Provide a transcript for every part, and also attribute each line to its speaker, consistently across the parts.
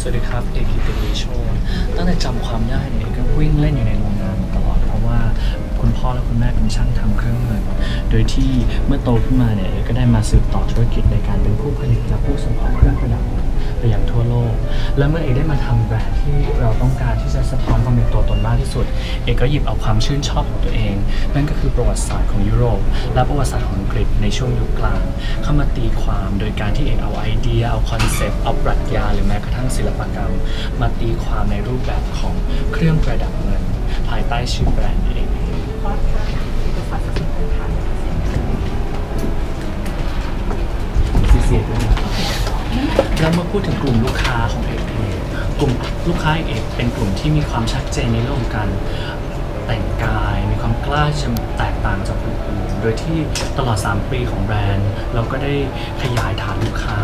Speaker 1: สวัสดีครับ เอกิติีโชตั้งแต่จำความยากเนี่ยเอกก็วิ่งเล่นอยู่ในโรงงานมาตลอด เพราะว่าคุณพ่อและคุณแม่เป็นช่างทำเครื่องเงินโดยที่เมื่อโตขึ้นมาเนี่ยเอกก็ได้มาสืบต่อธุรกิจในการเป็นผู้ผลิตและผู้ส่งออกเครื่องประดับไปยังทั่วโลก และเมื่อเอกได้มาทำแบรนด์ที่เราต้องการที่จะสะท้อนความเป็นตัวตนมากที่สุด เอกก็หยิบเอาความชื่นชอบของตัวเอง นั่นก็คือประวัติศาสตร์ของยุโรป และประวัติศาสตร์ของอังกฤษในช่วงยุคกลาง เข้ามาตีความโดยการที่เอกเอาไอเดีย เอาคอนเซปต์เอาปรัชญาหรือแม้กระทั่งศิลปกรรมมาตีความในรูปแบบของเครื่องประดับเงิน ภายใต้ชื่อแบรนด์เองแล้วเมื่อพูดถึงกลุ่มลูกค้าของเอกเอกกลุ่มลูกค้าเอกเป็นกลุ่มที่มีความชัดเจนในเรื่องการแต่งกายมีความกล้าจะแตกต่างจากคนอื่นโดยที่ตลอด 3 ปีของแบรนด์ เราก็ได้ขยายฐานลูกค้า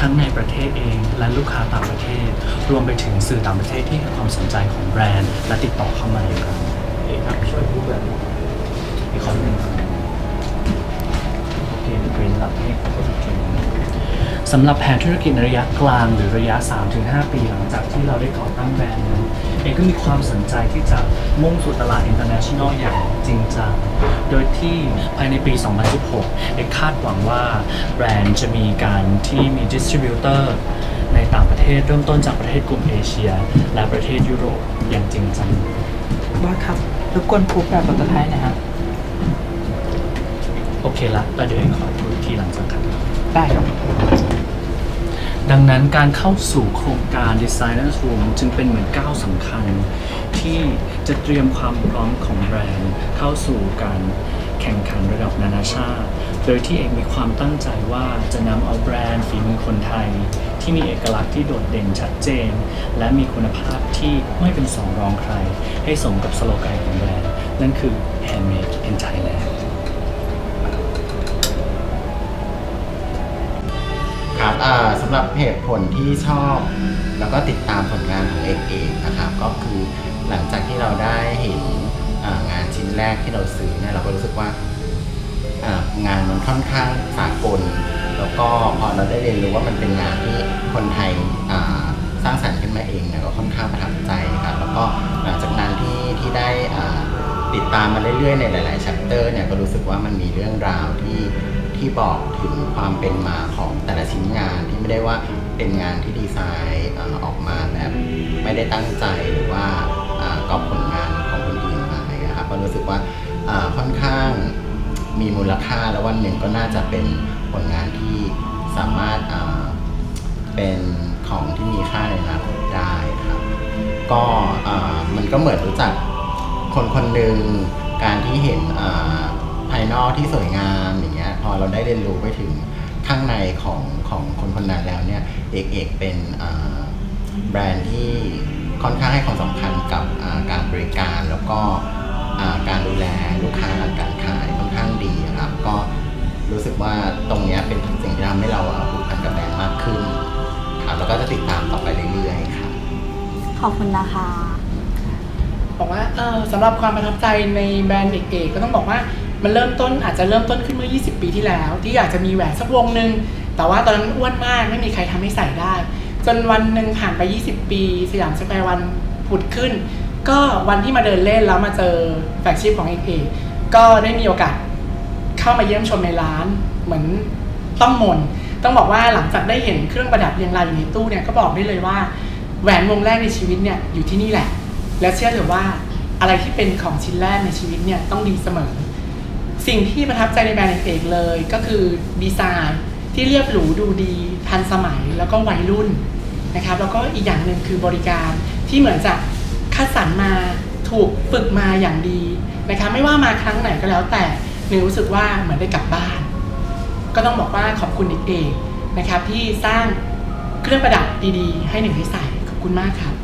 Speaker 1: ทั้งในประเทศเอง และลูกค้าต่างประเทศ รวมไปถึงสื่อต่างประเทศที่ให้ความสนใจของแบรนด์ และติดต่อเข้ามาอย่รัไรเอกครับช่วยพูดแบบอี้ขอหนึ่งครับสำหรับแผนธุรกิจในระยะกลางหรือระยะ 3-5 ปีหลังจากที่เราได้ก่อตั้งแบรนด์นั้น เองก็มีความสนใจที่จะมุ่งสู่ตลาดอินตอร์เนชั่นแนลอย่างจริงจัง โดยที่ภายในปี 2016เอกคาดหวังว่าแบรนด์จะมีการที่มีดิสติบิวเตอร์ในต่างประเทศเริ่มต้นจากประเทศกลุ่มเอเชีย และประเทศยุโรปอย่างจริงจัง
Speaker 2: ว่าครับ รบกวนครูแปบภาษาไทยนะครับ
Speaker 1: โอเคละแล้วเดี๋ยวขอพูดทีหลังสักครั้ง
Speaker 2: ได้ครับ
Speaker 1: ดังนั้นการเข้าสู่โครงการ Designers Room จึงเป็นเหมือนก้าวสำคัญ ที่จะเตรียมความพร้อมของแบรนด์เข้าสู่การแข่งขันระดับนานาชาติ โดยที่เองมีความตั้งใจว่าจะนำเอาแบรนด์ฝีมือคนไทย ที่มีเอกลักษณ์ที่โดดเด่นชัดเจน และมีคุณภาพที่ไม่เป็นสองรองใคร ให้สมกับสโลแกนของแบรนด์ นั่นคือ Handmade in Thailand
Speaker 3: สำหรับ เหตุผลที่ชอบแล้วก็ติดตามผลงานของเอกเองนะครับ ก็คือหลังจากที่เราได้เห็นงานชิ้นแรกที่เราซื้อเนี่ยเราก็รู้สึกว่างานมันค่อนข้างสากล แล้วก็พอเราได้เรียนรู้ว่ามันเป็นงานที่คนไทยสร้างสรรค์ขึ้นมาเองเนี่ยก็ค่อนข้างประทับใจครับแล้วก็หลังจากนั้นที่ที่ได้ติดตามมาเรื่อยๆในหลายๆชัปเตอร์เนี่ยก็รู้สึกว่ามันมีเรื่องราวที่ที่บอกถึงความเป็นมาของแต่ละชิ้นงานที่ไม่ได้ว่าเป็นงานที่ดีไซน์ออกมาแบบไม่ได้ตั้งใจหรือว่ากอบผลงานของคนอื่นมาอะไรครับก็รู้สึกว่าค่อนข้างมีมูลค่าแล้ววันหนึ่งก็น่าจะเป็นผลงานที่สามารถเป็นของที่มีค่าในอนาคตได้ครับก็มันก็เหมือนรู้จักคนคนหนึ่งการที่เห็นภายนอกที่สวยงามอย่างเงี้ยพอเราได้เรียนรู้ไปถึงข้างในของของคนคนนั้นแล้วเนี่ยเอกเอกเป็นแบรนด์ที่ค่อนข้างให้ความสำคัญกับการบริการ แล้วก็การดูแลลูกค้าหลังการขายค่อนข้างดีครับ ก็รู้สึกว่าตรงเนี้ยเป็นสิ่งที่ทำให้เราผูกพันกับแบรนด์มากขึ้นครับแล้วก็จะติดตามต่อไปเรื่อยๆค่ะ
Speaker 2: ขอบคุณนะคะบอกว่าสำหรับความประทับใจในแบรนด์เอกๆก็ต้องบอกว่ามันเริ่มต้นอาจจะเริ่มต้นขึ้นเมื่อ 20 ปีที่แล้ว ที่อยากจะมีแหวนสักวงหนึ่งแต่ว่าตอนนั้นอ้วนมาก ไม่มีใครทำให้ใส่ได้ จนวันหนึ่งผ่านไป 20 ปี สยามสแควร์วันผุดขึ้น ก็วันที่มาเดินเล่นแล้วมาเจอแฟกชิพของเอกเอก็ได้มีโอกาสเข้ามาเยี่ยมชมในร้านเหมือนต้องมน ต้องบอกว่าหลังจากได้เห็นเครื่องประดับเรียงรายอยู่ในตู้เนี่ยก็บอกได้เลยว่าแหวนวงแรกในชีวิตเนี่ยอยู่ที่นี่แหละ และเชื่อเถอะว่าอะไรที่เป็นของชิ้นแรกในชีวิตเนี่ยต้องดีเสมอสิ่งที่ประทับใจในแบรนด์เอกเลยก็คือดีไซน์ที่เรียบหรูดูดีทันสมัยแล้วก็วัยรุ่นนะครับ แล้วก็อีกอย่างหนึ่งคือบริการที่เหมือนจะคัดสรรมาถูกฝึกมาอย่างดีนะคะไม่ว่ามาครั้งไหนก็แล้ว แต่หนูรู้สึกว่าเหมือนได้กลับบ้าน ก็ต้องบอกว่าขอบคุณเอกเอนะครับที่สร้างเครื่องประดับดีๆ ให้หนึ่งให้ใส่ขอบคุณมากครับ